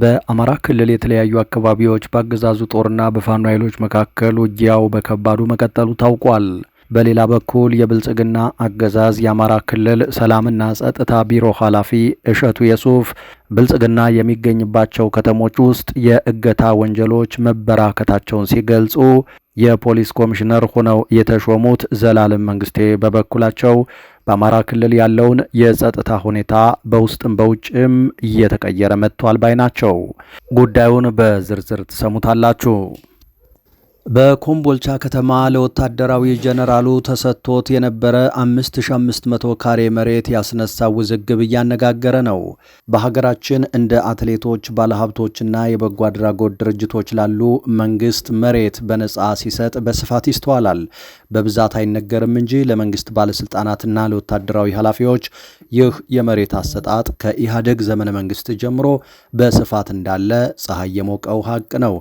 በአማራ ክልል የተለያዩ አካባቢዎች በአገዛዙ ጦርና በፋኖ ኃይሎች መካከል ውጊያው በከባዱ መቀጠሉ ታውቋል። በሌላ በኩል የብልጽግና አገዛዝ የአማራ ክልል ሰላምና ጸጥታ ቢሮ ኃላፊ እሸቱ የሱፍ ብልጽግና የሚገኝባቸው ከተሞች ውስጥ የእገታ ወንጀሎች መበራከታቸውን ሲገልጹ የፖሊስ ኮሚሽነር ሆነው የተሾሙት ዘላለም መንግስቴ በበኩላቸው በአማራ ክልል ያለውን የጸጥታ ሁኔታ በውስጥም በውጭም እየተቀየረ መጥቷል ባይ ናቸው። ጉዳዩን በዝርዝር ትሰሙታላችሁ። በኮምቦልቻ ከተማ ለወታደራዊ ጀነራሉ ተሰጥቶት የነበረ 5500 ካሬ መሬት ያስነሳ ውዝግብ እያነጋገረ ነው። በሀገራችን እንደ አትሌቶች፣ ባለሀብቶችና የበጎ አድራጎት ድርጅቶች ላሉ መንግስት መሬት በነፃ ሲሰጥ በስፋት ይስተዋላል። በብዛት አይነገርም እንጂ ለመንግስት ባለስልጣናትና ለወታደራዊ ኃላፊዎች ይህ የመሬት አሰጣጥ ከኢህአዴግ ዘመነ መንግስት ጀምሮ በስፋት እንዳለ ፀሐይ የሞቀው ሀቅ ነው።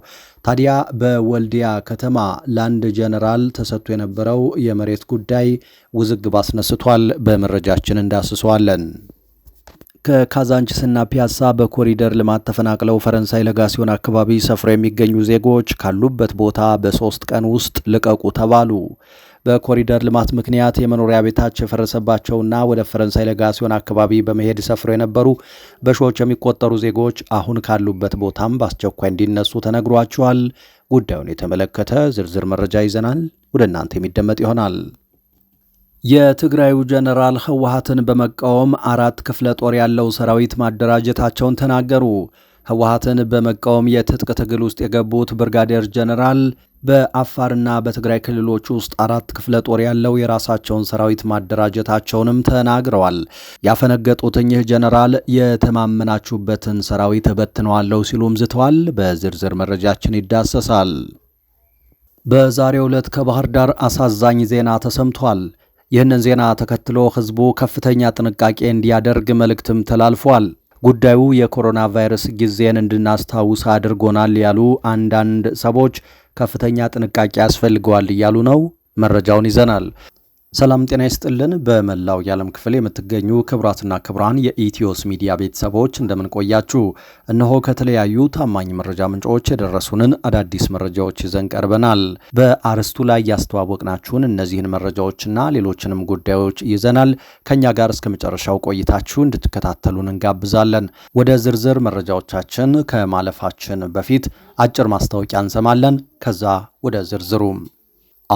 ታዲያ በወልዲያ ከተማ ለአንድ ጀነራል ተሰጥቶ የነበረው የመሬት ጉዳይ ውዝግብ አስነስቷል። በመረጃችን እንዳስሰዋለን። ከካዛንችስና ፒያሳ በኮሪደር ልማት ተፈናቅለው ፈረንሳይ ለጋሲዮን አካባቢ ሰፍረው የሚገኙ ዜጎች ካሉበት ቦታ በሶስት ቀን ውስጥ ልቀቁ ተባሉ። በኮሪደር ልማት ምክንያት የመኖሪያ ቤታቸው የፈረሰባቸውና ወደ ፈረንሳይ ለጋሲዮን አካባቢ በመሄድ ሰፍረው የነበሩ በሺዎች የሚቆጠሩ ዜጎች አሁን ካሉበት ቦታም በአስቸኳይ እንዲነሱ ተነግሯቸዋል። ጉዳዩን የተመለከተ ዝርዝር መረጃ ይዘናል፣ ወደ እናንተ የሚደመጥ ይሆናል። የትግራዩ ጀነራል ህወሀትን በመቃወም አራት ክፍለ ጦር ያለው ሰራዊት ማደራጀታቸውን ተናገሩ። ህወሀትን በመቃወም የትጥቅ ትግል ውስጥ የገቡት ብርጋዴር ጀነራል በአፋርና በትግራይ ክልሎች ውስጥ አራት ክፍለ ጦር ያለው የራሳቸውን ሰራዊት ማደራጀታቸውንም ተናግረዋል። ያፈነገጡት ይህ ጀነራል የተማመናችሁበትን ሰራዊት እበትነዋለሁ ሲሉም ዝተዋል። በዝርዝር መረጃችን ይዳሰሳል። በዛሬው ዕለት ከባህር ዳር አሳዛኝ ዜና ተሰምቷል። ይህንን ዜና ተከትሎ ህዝቡ ከፍተኛ ጥንቃቄ እንዲያደርግ መልእክትም ተላልፏል። ጉዳዩ የኮሮና ቫይረስ ጊዜን እንድናስታውስ አድርጎናል ያሉ አንዳንድ ሰዎች ከፍተኛ ጥንቃቄ ያስፈልገዋል እያሉ ነው። መረጃውን ይዘናል። ሰላም ጤና ይስጥልን። በመላው የዓለም ክፍል የምትገኙ ክቡራትና ክቡራን የኢትዮስ ሚዲያ ቤተሰቦች እንደምን ቆያችሁ? እነሆ ከተለያዩ ታማኝ መረጃ ምንጮች የደረሱንን አዳዲስ መረጃዎች ይዘን ቀርበናል። በአርስቱ ላይ ያስተዋወቅናችሁን እነዚህን መረጃዎችና ሌሎችንም ጉዳዮች ይዘናል። ከእኛ ጋር እስከ መጨረሻው ቆይታችሁ እንድትከታተሉን እንጋብዛለን። ወደ ዝርዝር መረጃዎቻችን ከማለፋችን በፊት አጭር ማስታወቂያ እንሰማለን። ከዛ ወደ ዝርዝሩ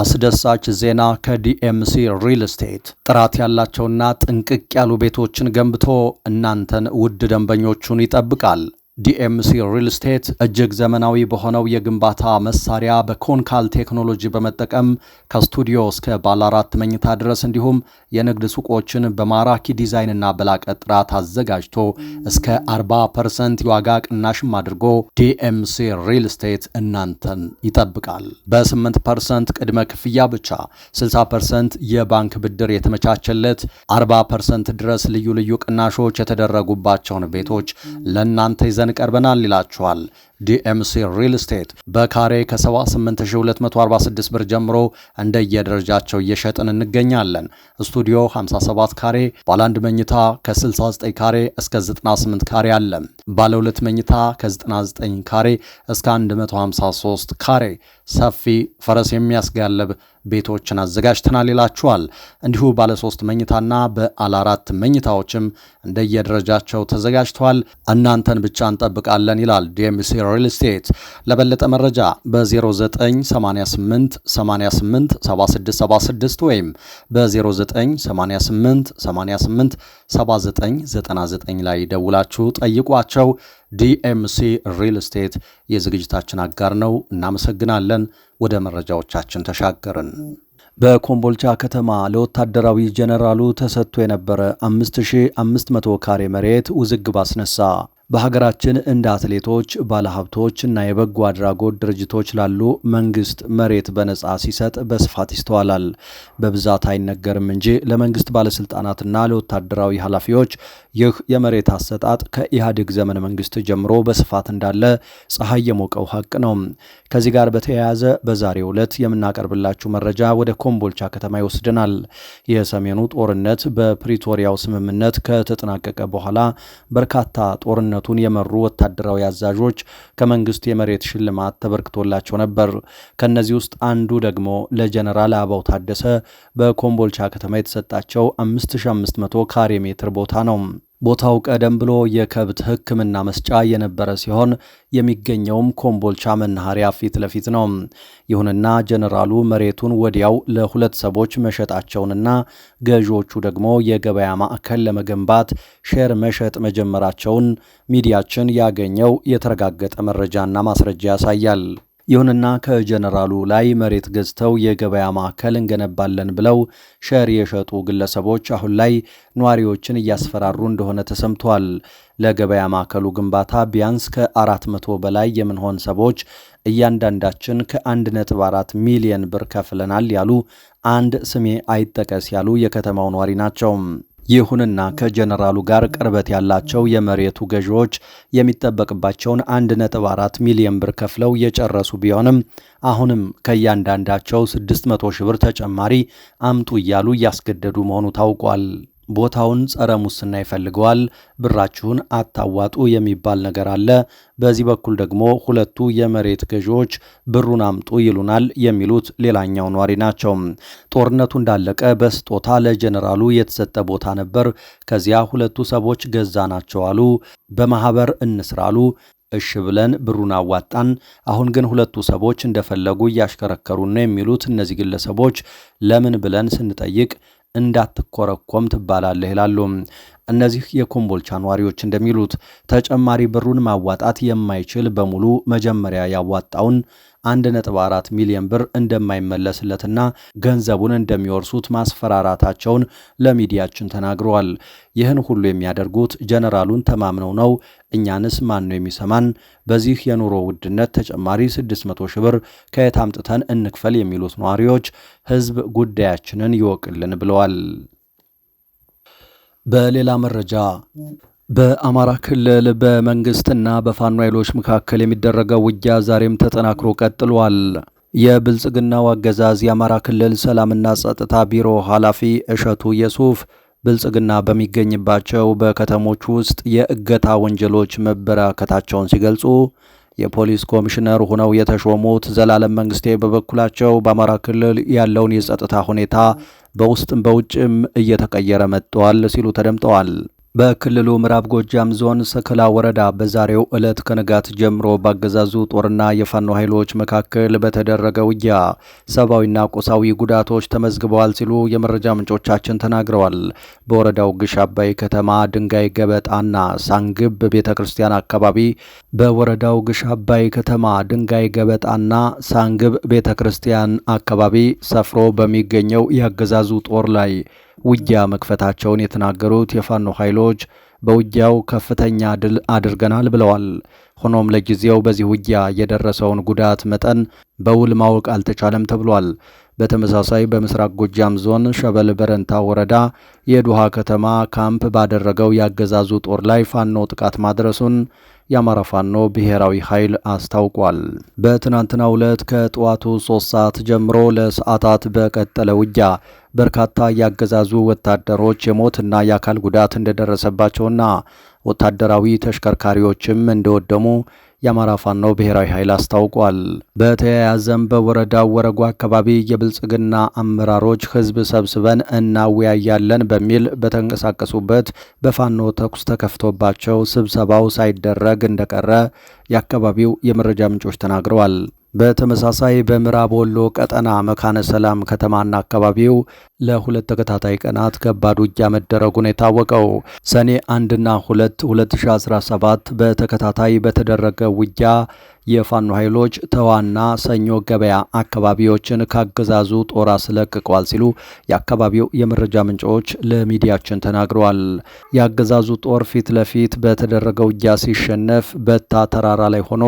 አስደሳች ዜና ከዲኤምሲ ሪል ስቴት ጥራት ያላቸውና ጥንቅቅ ያሉ ቤቶችን ገንብቶ እናንተን ውድ ደንበኞቹን ይጠብቃል። ዲኤምሲ ሪል ስቴት እጅግ ዘመናዊ በሆነው የግንባታ መሳሪያ በኮንካል ቴክኖሎጂ በመጠቀም ከስቱዲዮ እስከ ባለ አራት መኝታ ድረስ እንዲሁም የንግድ ሱቆችን በማራኪ ዲዛይንና በላቀ ጥራት አዘጋጅቶ እስከ 40 ፐርሰንት የዋጋ ቅናሽም አድርጎ ዲኤምሲ ሪል ስቴት እናንተን ይጠብቃል። በ8 ፐርሰንት ቅድመ ክፍያ ብቻ 60 ፐርሰንት የባንክ ብድር የተመቻቸለት፣ 40 ፐርሰንት ድረስ ልዩ ልዩ ቅናሾች የተደረጉባቸውን ቤቶች ለእናንተ ይዘ ይዘን ቀርበናል ይላችኋል። ዲኤምሲ ሪል ስቴት በካሬ ከ78246 ብር ጀምሮ እንደየደረጃቸው እየሸጥን እንገኛለን። ስቱዲዮ 57 ካሬ ባለ አንድ መኝታ ከ69 ካሬ እስከ 98 ካሬ አለ። ባለ ሁለት መኝታ ከ99 ካሬ እስከ 153 ካሬ ሰፊ ፈረስ የሚያስጋልብ ቤቶችን አዘጋጅተናል ይላችኋል። እንዲሁ ባለ ሶስት መኝታና ባለ አራት መኝታዎችም እንደየደረጃቸው ተዘጋጅተዋል። እናንተን ብቻ እንጠብቃለን ይላል ዲኤምሲ ሪል ስቴት። ለበለጠ መረጃ በ0988 88 7676 ወይም በ0988 88 7999 ላይ ደውላችሁ ጠይቋቸው። ዲኤምሲ ሪል ስቴት የዝግጅታችን አጋር ነው። እናመሰግናለን። ወደ መረጃዎቻችን ተሻገርን። በኮምቦልቻ ከተማ ለወታደራዊ ጀነራሉ ተሰጥቶ የነበረ 5500 ካሬ መሬት ውዝግብ አስነሳ። በሀገራችን እንደ አትሌቶች፣ ባለሀብቶች እና የበጎ አድራጎት ድርጅቶች ላሉ መንግስት መሬት በነጻ ሲሰጥ በስፋት ይስተዋላል። በብዛት አይነገርም እንጂ ለመንግስት ባለስልጣናትና ለወታደራዊ ኃላፊዎች ይህ የመሬት አሰጣጥ ከኢህአዴግ ዘመን መንግስት ጀምሮ በስፋት እንዳለ ፀሐይ የሞቀው ሀቅ ነው። ከዚህ ጋር በተያያዘ በዛሬው ዕለት የምናቀርብላችሁ መረጃ ወደ ኮምቦልቻ ከተማ ይወስደናል። የሰሜኑ ጦርነት በፕሪቶሪያው ስምምነት ከተጠናቀቀ በኋላ በርካታ ጦርነት ጦርነቱን የመሩ ወታደራዊ አዛዦች ከመንግስት የመሬት ሽልማት ተበርክቶላቸው ነበር። ከእነዚህ ውስጥ አንዱ ደግሞ ለጀነራል አበባው ታደሰ በኮምቦልቻ ከተማ የተሰጣቸው 5500 ካሬ ሜትር ቦታ ነው። ቦታው ቀደም ብሎ የከብት ሕክምና መስጫ የነበረ ሲሆን የሚገኘውም ኮምቦልቻ መናኸሪያ ፊት ለፊት ነው። ይሁንና ጀነራሉ መሬቱን ወዲያው ለሁለት ሰዎች መሸጣቸውንና ገዢዎቹ ደግሞ የገበያ ማዕከል ለመገንባት ሼር መሸጥ መጀመራቸውን ሚዲያችን ያገኘው የተረጋገጠ መረጃና ማስረጃ ያሳያል። ይሁንና ከጀነራሉ ላይ መሬት ገዝተው የገበያ ማዕከል እንገነባለን ብለው ሸር የሸጡ ግለሰቦች አሁን ላይ ነዋሪዎችን እያስፈራሩ እንደሆነ ተሰምቷል። ለገበያ ማዕከሉ ግንባታ ቢያንስ ከ400 በላይ የምንሆን ሰዎች እያንዳንዳችን ከ1.4 ሚሊየን ብር ከፍለናል ያሉ አንድ ስሜ አይጠቀስ ያሉ የከተማው ነዋሪ ናቸው። ይሁንና ከጀነራሉ ጋር ቅርበት ያላቸው የመሬቱ ገዢዎች የሚጠበቅባቸውን 1.4 ሚሊዮን ብር ከፍለው የጨረሱ ቢሆንም አሁንም ከእያንዳንዳቸው 600 ሺህ ብር ተጨማሪ አምጡ እያሉ እያስገደዱ መሆኑ ታውቋል። ቦታውን ጸረ ሙስና ይፈልገዋል። ብራችሁን አታዋጡ የሚባል ነገር አለ። በዚህ በኩል ደግሞ ሁለቱ የመሬት ገዢዎች ብሩን አምጡ ይሉናል የሚሉት ሌላኛው ኗሪ ናቸው። ጦርነቱ እንዳለቀ በስጦታ ለጀኔራሉ የተሰጠ ቦታ ነበር። ከዚያ ሁለቱ ሰዎች ገዛ ናቸው አሉ። በማህበር እንስራሉ። እሽ ብለን ብሩን አዋጣን። አሁን ግን ሁለቱ ሰዎች እንደፈለጉ እያሽከረከሩ ነው የሚሉት እነዚህ ግለሰቦች ለምን ብለን ስንጠይቅ እንዳትኮረኮም ትባላለህ ይላሉ። እነዚህ የኮምቦልቻ ነዋሪዎች እንደሚሉት ተጨማሪ ብሩን ማዋጣት የማይችል በሙሉ መጀመሪያ ያዋጣውን 1.4 ሚሊዮን ብር እንደማይመለስለትና ገንዘቡን እንደሚወርሱት ማስፈራራታቸውን ለሚዲያችን ተናግረዋል። ይህን ሁሉ የሚያደርጉት ጀነራሉን ተማምነው ነው። እኛንስ ማን ነው የሚሰማን? በዚህ የኑሮ ውድነት ተጨማሪ 600 ሺህ ብር ከየት አምጥተን እንክፈል? የሚሉት ነዋሪዎች ህዝብ ጉዳያችንን ይወቅልን ብለዋል። በሌላ መረጃ በአማራ ክልል በመንግስትና በፋኖ ኃይሎች መካከል የሚደረገው ውጊያ ዛሬም ተጠናክሮ ቀጥሏል። የብልጽግናው አገዛዝ የአማራ ክልል ሰላምና ጸጥታ ቢሮ ኃላፊ እሸቱ የሱፍ ብልጽግና በሚገኝባቸው በከተሞች ውስጥ የእገታ ወንጀሎች መበራከታቸውን ሲገልጹ የፖሊስ ኮሚሽነር ሆነው የተሾሙት ዘላለም መንግስቴ በበኩላቸው በአማራ ክልል ያለውን የጸጥታ ሁኔታ በውስጥም በውጭም እየተቀየረ መጥቷል ሲሉ ተደምጠዋል። በክልሉ ምዕራብ ጎጃም ዞን ሰከላ ወረዳ በዛሬው ዕለት ከንጋት ጀምሮ ባገዛዙ ጦርና የፋኖ ኃይሎች መካከል በተደረገ ውጊያ ሰብአዊና ቁሳዊ ጉዳቶች ተመዝግበዋል ሲሉ የመረጃ ምንጮቻችን ተናግረዋል። በወረዳው ግሽ አባይ ከተማ ድንጋይ ገበጣና ሳንግብ ቤተ ክርስቲያን አካባቢ በወረዳው ግሽ አባይ ከተማ ድንጋይ ገበጣና ሳንግብ ቤተ ክርስቲያን አካባቢ ሰፍሮ በሚገኘው የአገዛዙ ጦር ላይ ውጊያ መክፈታቸውን የተናገሩት የፋኖ ኃይሎች በውጊያው ከፍተኛ ድል አድርገናል ብለዋል። ሆኖም ለጊዜው በዚህ ውጊያ የደረሰውን ጉዳት መጠን በውል ማወቅ አልተቻለም ተብሏል። በተመሳሳይ በምስራቅ ጎጃም ዞን ሸበል በረንታ ወረዳ የዱሃ ከተማ ካምፕ ባደረገው ያገዛዙ ጦር ላይ ፋኖ ጥቃት ማድረሱን የአማራ ፋኖ ብሔራዊ ኃይል አስታውቋል። በትናንትናው ዕለት ከጠዋቱ ሶስት ሰዓት ጀምሮ ለሰዓታት በቀጠለ ውጊያ በርካታ ያገዛዙ ወታደሮች የሞትና የአካል ጉዳት እንደደረሰባቸውና ወታደራዊ ተሽከርካሪዎችም እንደወደሙ የአማራ ፋኖ ብሔራዊ ኃይል አስታውቋል። በተያያዘም በወረዳው ወረጓ አካባቢ የብልጽግና አመራሮች ህዝብ ሰብስበን እናወያያለን በሚል በተንቀሳቀሱበት በፋኖ ተኩስ ተከፍቶባቸው ስብሰባው ሳይደረግ እንደቀረ የአካባቢው የመረጃ ምንጮች ተናግረዋል። በተመሳሳይ በምዕራብ ወሎ ቀጠና መካነ ሰላም ከተማና አካባቢው ለሁለት ተከታታይ ቀናት ከባድ ውጊያ መደረጉን የታወቀው ሰኔ 1 ሁለት 2017 በተከታታይ በተደረገ ውጊያ የፋኖ ኃይሎች ተዋና ሰኞ ገበያ አካባቢዎችን ካገዛዙ ጦር አስለቅቀዋል ሲሉ የአካባቢው የመረጃ ምንጮች ለሚዲያችን ተናግረዋል። የአገዛዙ ጦር ፊት ለፊት በተደረገ ውጊያ ሲሸነፍ በታ ተራራ ላይ ሆኖ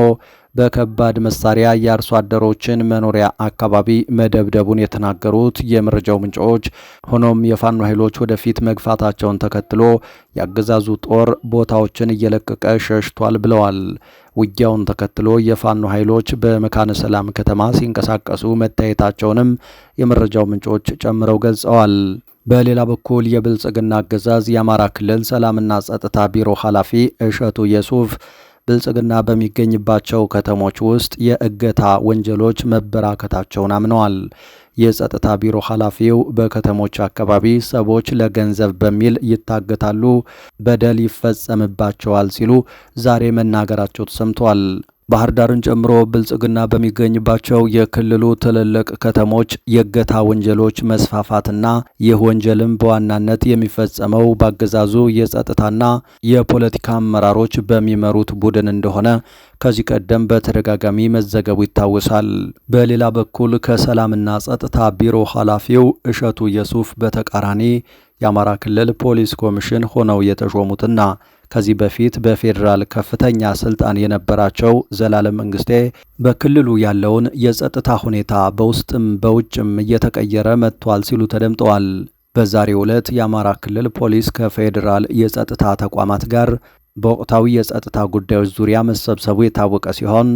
በከባድ መሳሪያ የአርሶ አደሮችን መኖሪያ አካባቢ መደብደቡን የተናገሩት የመረጃው ምንጮች፣ ሆኖም የፋኖ ኃይሎች ወደፊት መግፋታቸውን ተከትሎ የአገዛዙ ጦር ቦታዎችን እየለቀቀ ሸሽቷል ብለዋል። ውጊያውን ተከትሎ የፋኖ ኃይሎች በመካነ ሰላም ከተማ ሲንቀሳቀሱ መታየታቸውንም የመረጃው ምንጮች ጨምረው ገልጸዋል። በሌላ በኩል የብልጽግና አገዛዝ የአማራ ክልል ሰላምና ጸጥታ ቢሮ ኃላፊ እሸቱ የሱፍ ብልጽግና በሚገኝባቸው ከተሞች ውስጥ የእገታ ወንጀሎች መበራከታቸውን አምነዋል። የጸጥታ ቢሮ ኃላፊው በከተሞች አካባቢ ሰዎች ለገንዘብ በሚል ይታገታሉ፣ በደል ይፈጸምባቸዋል ሲሉ ዛሬ መናገራቸው ተሰምቷል። ባህር ዳርን ጨምሮ ብልጽግና በሚገኝባቸው የክልሉ ትልልቅ ከተሞች የእገታ ወንጀሎች መስፋፋትና ይህ ወንጀልም በዋናነት የሚፈጸመው በአገዛዙ የጸጥታና የፖለቲካ አመራሮች በሚመሩት ቡድን እንደሆነ ከዚህ ቀደም በተደጋጋሚ መዘገቡ ይታወሳል። በሌላ በኩል ከሰላምና ጸጥታ ቢሮ ኃላፊው እሸቱ የሱፍ በተቃራኒ የአማራ ክልል ፖሊስ ኮሚሽን ሆነው የተሾሙትና ከዚህ በፊት በፌዴራል ከፍተኛ ስልጣን የነበራቸው ዘላለም መንግስቴ በክልሉ ያለውን የጸጥታ ሁኔታ በውስጥም በውጭም እየተቀየረ መጥቷል ሲሉ ተደምጠዋል። በዛሬው ዕለት የአማራ ክልል ፖሊስ ከፌዴራል የጸጥታ ተቋማት ጋር በወቅታዊ የጸጥታ ጉዳዮች ዙሪያ መሰብሰቡ የታወቀ ሲሆን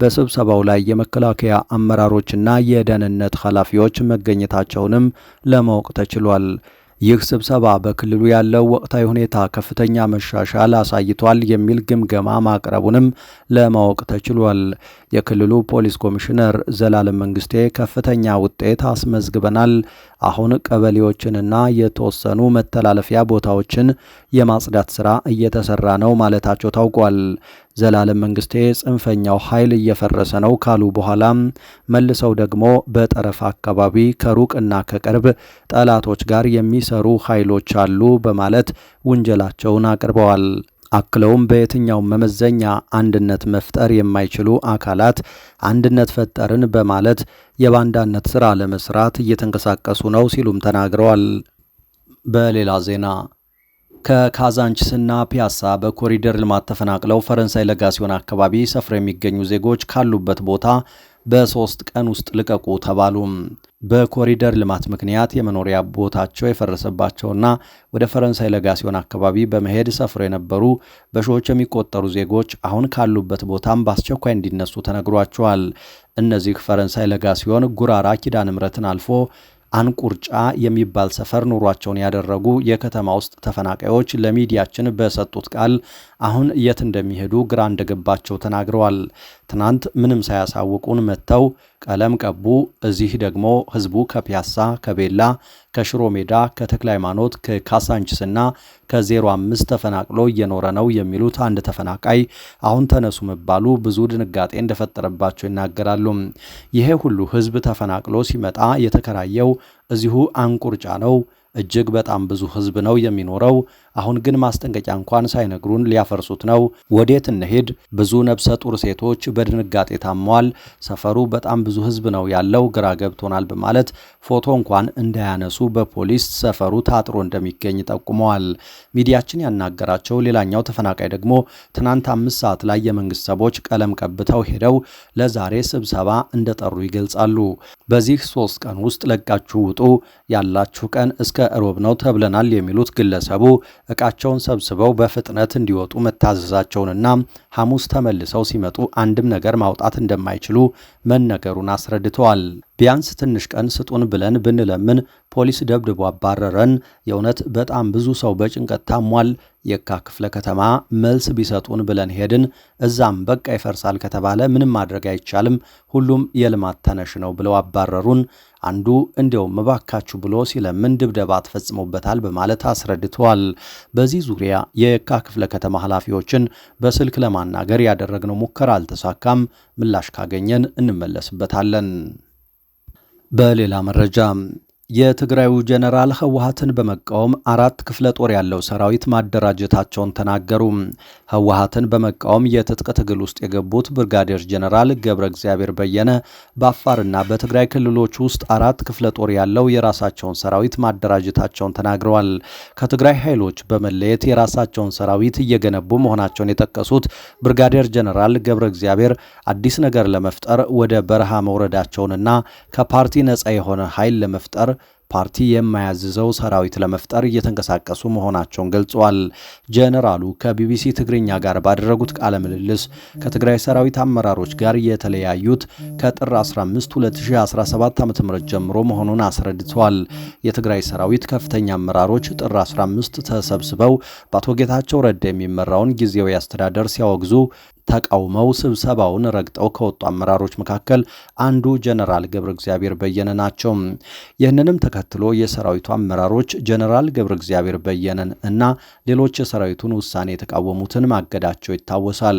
በስብሰባው ላይ የመከላከያ አመራሮችና የደህንነት ኃላፊዎች መገኘታቸውንም ለማወቅ ተችሏል። ይህ ስብሰባ በክልሉ ያለው ወቅታዊ ሁኔታ ከፍተኛ መሻሻል አሳይቷል የሚል ግምገማ ማቅረቡንም ለማወቅ ተችሏል። የክልሉ ፖሊስ ኮሚሽነር ዘላለም መንግስቴ ከፍተኛ ውጤት አስመዝግበናል፣ አሁን ቀበሌዎችንና የተወሰኑ መተላለፊያ ቦታዎችን የማጽዳት ስራ እየተሰራ ነው ማለታቸው ታውቋል። ዘላለም መንግስቴ ጽንፈኛው ኃይል እየፈረሰ ነው ካሉ በኋላም መልሰው ደግሞ በጠረፍ አካባቢ ከሩቅና ከቅርብ ጠላቶች ጋር የሚሰሩ ኃይሎች አሉ በማለት ውንጀላቸውን አቅርበዋል። አክለውም በየትኛውም መመዘኛ አንድነት መፍጠር የማይችሉ አካላት አንድነት ፈጠርን በማለት የባንዳነት ሥራ ለመስራት እየተንቀሳቀሱ ነው ሲሉም ተናግረዋል። በሌላ ዜና ከካዛንችስና ፒያሳ በኮሪደር ልማት ተፈናቅለው ፈረንሳይ ለጋሲዮን አካባቢ ሰፍረው የሚገኙ ዜጎች ካሉበት ቦታ በሶስት ቀን ውስጥ ልቀቁ ተባሉ። በኮሪደር ልማት ምክንያት የመኖሪያ ቦታቸው የፈረሰባቸውና ወደ ፈረንሳይ ለጋሲዮን አካባቢ በመሄድ ሰፍሮ የነበሩ በሺዎች የሚቆጠሩ ዜጎች አሁን ካሉበት ቦታም በአስቸኳይ እንዲነሱ ተነግሯቸዋል። እነዚህ ፈረንሳይ ለጋሲዮን ጉራራ ኪዳነ ምሕረትን አልፎ አንቁርጫ የሚባል ሰፈር ኑሯቸውን ያደረጉ የከተማ ውስጥ ተፈናቃዮች ለሚዲያችን በሰጡት ቃል አሁን የት እንደሚሄዱ ግራ እንደገባቸው ተናግረዋል። ትናንት ምንም ሳያሳውቁን መጥተው ቀለም ቀቡ። እዚህ ደግሞ ህዝቡ ከፒያሳ፣ ከቤላ፣ ከሽሮ ሜዳ፣ ከተክለ ሃይማኖት፣ ከካሳንችስና ከ 05 ተፈናቅሎ እየኖረ ነው የሚሉት አንድ ተፈናቃይ አሁን ተነሱ መባሉ ብዙ ድንጋጤ እንደፈጠረባቸው ይናገራሉ። ይሄ ሁሉ ህዝብ ተፈናቅሎ ሲመጣ የተከራየው እዚሁ አንቁርጫ ነው። እጅግ በጣም ብዙ ህዝብ ነው የሚኖረው። አሁን ግን ማስጠንቀቂያ እንኳን ሳይነግሩን ሊያፈርሱት ነው። ወዴት እንሄድ? ብዙ ነብሰ ጡር ሴቶች በድንጋጤ ታመዋል። ሰፈሩ በጣም ብዙ ህዝብ ነው ያለው፣ ግራ ገብቶናል በማለት ፎቶ እንኳን እንዳያነሱ በፖሊስ ሰፈሩ ታጥሮ እንደሚገኝ ጠቁመዋል። ሚዲያችን ያናገራቸው ሌላኛው ተፈናቃይ ደግሞ ትናንት አምስት ሰዓት ላይ የመንግስት ሰዎች ቀለም ቀብተው ሄደው ለዛሬ ስብሰባ እንደጠሩ ይገልጻሉ። በዚህ ሶስት ቀን ውስጥ ለቃችሁ ውጡ፣ ያላችሁ ቀን እስከ እሮብ ነው ተብለናል የሚሉት ግለሰቡ እቃቸውን ሰብስበው በፍጥነት እንዲወጡ መታዘዛቸውንና ሐሙስ ተመልሰው ሲመጡ አንድም ነገር ማውጣት እንደማይችሉ መነገሩን አስረድተዋል። ቢያንስ ትንሽ ቀን ስጡን ብለን ብንለምን ፖሊስ ደብድቦ አባረረን። የእውነት በጣም ብዙ ሰው በጭንቀት ታሟል። የካ ክፍለ ከተማ መልስ ቢሰጡን ብለን ሄድን። እዛም በቃ ይፈርሳል ከተባለ ምንም ማድረግ አይቻልም፣ ሁሉም የልማት ተነሽ ነው ብለው አባረሩን። አንዱ እንዲያውም እባካችሁ ብሎ ሲለምን ድብደባ ተፈጽሞበታል በማለት አስረድተዋል። በዚህ ዙሪያ የካ ክፍለ ከተማ ኃላፊዎችን በስልክ ለማናገር ያደረግነው ሙከራ አልተሳካም። ምላሽ ካገኘን እንመለስበታለን። በሌላ መረጃ የትግራዩ ጀነራል ህወሀትን በመቃወም አራት ክፍለ ጦር ያለው ሰራዊት ማደራጀታቸውን ተናገሩ። ህወሀትን በመቃወም የትጥቅ ትግል ውስጥ የገቡት ብርጋዴር ጀነራል ገብረ እግዚአብሔር በየነ በአፋርና በትግራይ ክልሎች ውስጥ አራት ክፍለ ጦር ያለው የራሳቸውን ሰራዊት ማደራጀታቸውን ተናግረዋል። ከትግራይ ኃይሎች በመለየት የራሳቸውን ሰራዊት እየገነቡ መሆናቸውን የጠቀሱት ብርጋዴር ጀነራል ገብረ እግዚአብሔር አዲስ ነገር ለመፍጠር ወደ በረሃ መውረዳቸውንና ከፓርቲ ነፃ የሆነ ኃይል ለመፍጠር ፓርቲ የማያዝዘው ሰራዊት ለመፍጠር እየተንቀሳቀሱ መሆናቸውን ገልጸዋል። ጀነራሉ ከቢቢሲ ትግርኛ ጋር ባደረጉት ቃለ ምልልስ ከትግራይ ሰራዊት አመራሮች ጋር የተለያዩት ከጥር 15 2017 ዓ ም ጀምሮ መሆኑን አስረድተዋል። የትግራይ ሰራዊት ከፍተኛ አመራሮች ጥር 15 ተሰብስበው በአቶ ጌታቸው ረዳ የሚመራውን ጊዜያዊ አስተዳደር ሲያወግዙ ተቃውመው ስብሰባውን ረግጠው ከወጡ አመራሮች መካከል አንዱ ጀነራል ገብረ እግዚአብሔር በየነ ናቸው። ይህንንም ተከትሎ የሰራዊቱ አመራሮች ጀነራል ገብረ እግዚአብሔር በየነን እና ሌሎች የሰራዊቱን ውሳኔ የተቃወሙትን ማገዳቸው ይታወሳል።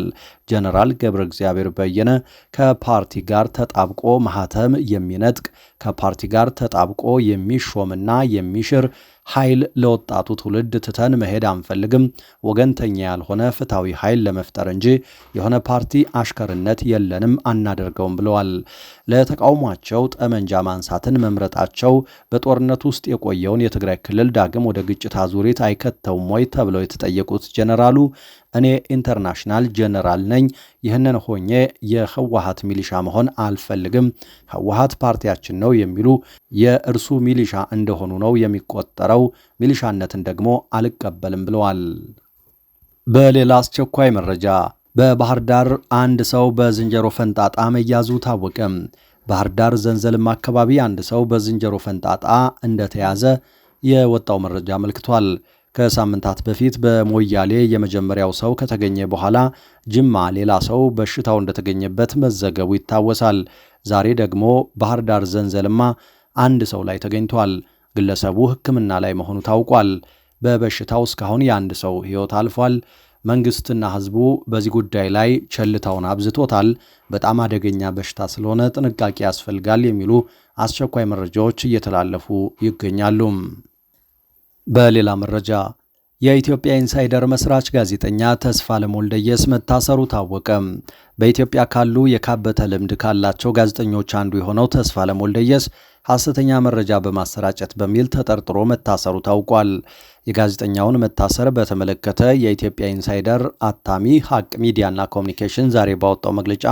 ጀነራል ገብረ እግዚአብሔር በየነ ከፓርቲ ጋር ተጣብቆ ማህተም የሚነጥቅ ከፓርቲ ጋር ተጣብቆ የሚሾምና የሚሽር ኃይል ለወጣቱ ትውልድ ትተን መሄድ አንፈልግም። ወገንተኛ ያልሆነ ፍትሐዊ ኃይል ለመፍጠር እንጂ የሆነ ፓርቲ አሽከርነት የለንም አናደርገውም ብለዋል። ለተቃውሟቸው ጠመንጃ ማንሳትን መምረጣቸው በጦርነት ውስጥ የቆየውን የትግራይ ክልል ዳግም ወደ ግጭት አዙሪት አይከተውም ወይ ተብለው የተጠየቁት ጀነራሉ። እኔ ኢንተርናሽናል ጀነራል ነኝ። ይህንን ሆኜ የህወሀት ሚሊሻ መሆን አልፈልግም። ህወሀት ፓርቲያችን ነው የሚሉ የእርሱ ሚሊሻ እንደሆኑ ነው የሚቆጠረው። ሚሊሻነትን ደግሞ አልቀበልም ብለዋል። በሌላ አስቸኳይ መረጃ በባህር ዳር አንድ ሰው በዝንጀሮ ፈንጣጣ መያዙ ታወቀ። ባህር ዳር ዘንዘልማ አካባቢ አንድ ሰው በዝንጀሮ ፈንጣጣ እንደተያዘ የወጣው መረጃ አመልክቷል። ከሳምንታት በፊት በሞያሌ የመጀመሪያው ሰው ከተገኘ በኋላ ጅማ ሌላ ሰው በሽታው እንደተገኘበት መዘገቡ ይታወሳል። ዛሬ ደግሞ ባህር ዳር ዘንዘልማ አንድ ሰው ላይ ተገኝቷል። ግለሰቡ ሕክምና ላይ መሆኑ ታውቋል። በበሽታው እስካሁን የአንድ ሰው ሕይወት አልፏል። መንግስትና ህዝቡ በዚህ ጉዳይ ላይ ቸልታውን አብዝቶታል። በጣም አደገኛ በሽታ ስለሆነ ጥንቃቄ ያስፈልጋል የሚሉ አስቸኳይ መረጃዎች እየተላለፉ ይገኛሉ። በሌላ መረጃ የኢትዮጵያ ኢንሳይደር መስራች ጋዜጠኛ ተስፋለም ወልደየስ መታሰሩ ታወቀ። በኢትዮጵያ ካሉ የካበተ ልምድ ካላቸው ጋዜጠኞች አንዱ የሆነው ተስፋለም ወልደየስ ሐሰተኛ መረጃ በማሰራጨት በሚል ተጠርጥሮ መታሰሩ ታውቋል። የጋዜጠኛውን መታሰር በተመለከተ የኢትዮጵያ ኢንሳይደር አታሚ ሀቅ ሚዲያና ኮሚኒኬሽን ዛሬ ባወጣው መግለጫ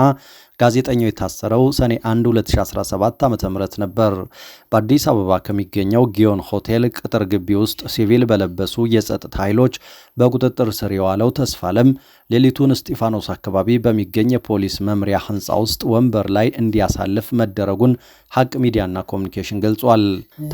ጋዜጠኛው የታሰረው ሰኔ 1 2017 ዓ ም ነበር በአዲስ አበባ ከሚገኘው ጊዮን ሆቴል ቅጥር ግቢ ውስጥ ሲቪል በለበሱ የጸጥታ ኃይሎች በቁጥጥር ስር የዋለው ተስፋለም ሌሊቱን እስጢፋኖስ አካባቢ በሚገኝ የፖሊስ መምሪያ ህንፃ ውስጥ ወንበር ላይ እንዲያሳልፍ መደረጉን ሀቅ ሚዲያና ኮሚኒኬሽን ገልጿል።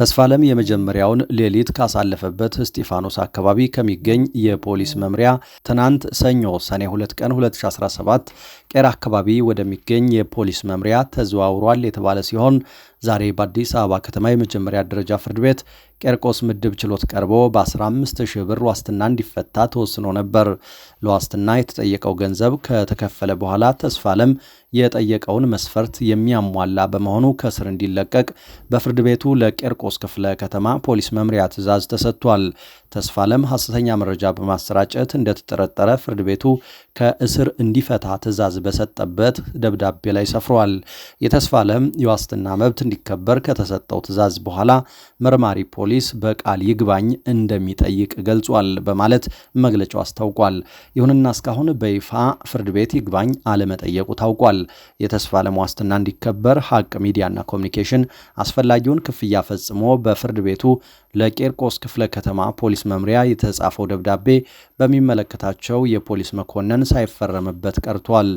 ተስፋለም የመጀመሪያውን ሌሊት ካሳለፈበት እስጢፋኖስ አካባቢ ከሚገኝ የፖሊስ መምሪያ ትናንት ሰኞ ሰኔ 2 ቀን 2017 ቄራ አካባቢ ወደሚገኝ የፖሊስ መምሪያ ተዘዋውሯል የተባለ ሲሆን ዛሬ በአዲስ አበባ ከተማ የመጀመሪያ ደረጃ ፍርድ ቤት ቄርቆስ ምድብ ችሎት ቀርቦ በ15 ሺህ ብር ዋስትና እንዲፈታ ተወስኖ ነበር። ለዋስትና የተጠየቀው ገንዘብ ከተከፈለ በኋላ ተስፋ አለም የጠየቀውን መስፈርት የሚያሟላ በመሆኑ ከእስር እንዲለቀቅ በፍርድ ቤቱ ለቄርቆስ ክፍለ ከተማ ፖሊስ መምሪያ ትዕዛዝ ተሰጥቷል። ተስፋ አለም ሐሰተኛ መረጃ በማሰራጨት እንደተጠረጠረ ፍርድ ቤቱ ከእስር እንዲፈታ ትዕዛዝ በሰጠበት ደብዳቤ ላይ ሰፍሯል። የተስፋ አለም የዋስትና መብት እንዲከበር ከተሰጠው ትዕዛዝ በኋላ መርማሪ ፖሊስ በቃል ይግባኝ እንደሚጠይቅ ገልጿል በማለት መግለጫው አስታውቋል። ይሁንና እስካሁን በይፋ ፍርድ ቤት ይግባኝ አለመጠየቁ ታውቋል። የተስፋለም ዋስትና እንዲከበር ሀቅ ሚዲያና ኮሚኒኬሽን አስፈላጊውን ክፍያ ፈጽሞ በፍርድ ቤቱ ለቄርቆስ ክፍለ ከተማ ፖሊስ መምሪያ የተጻፈው ደብዳቤ በሚመለከታቸው የፖሊስ መኮንን ሳይፈረምበት ቀርቷል።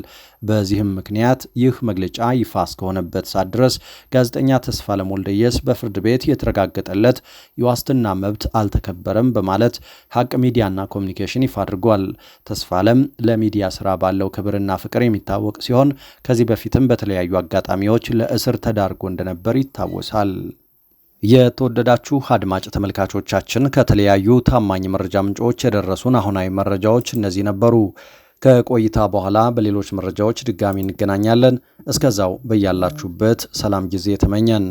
በዚህም ምክንያት ይህ መግለጫ ይፋ እስከሆነበት ሰዓት ድረስ ጋዜጠኛ ተስፋለም ወልደየስ በፍርድ ቤት የተረጋገጠለት የዋስትና መብት አልተከበረም በማለት ሀቅ ሚዲያና ኮሚኒኬሽን ይፋ አድርጓል። ተስፋለም ለሚዲያ ስራ ባለው ክብርና ፍቅር የሚታወቅ ሲሆን ከዚህ በፊትም በተለያዩ አጋጣሚዎች ለእስር ተዳርጎ እንደነበር ይታወሳል። የተወደዳችሁ አድማጭ ተመልካቾቻችን ከተለያዩ ታማኝ መረጃ ምንጮች የደረሱን አሁናዊ መረጃዎች እነዚህ ነበሩ። ከቆይታ በኋላ በሌሎች መረጃዎች ድጋሚ እንገናኛለን። እስከዛው በያላችሁበት ሰላም ጊዜ ተመኘን።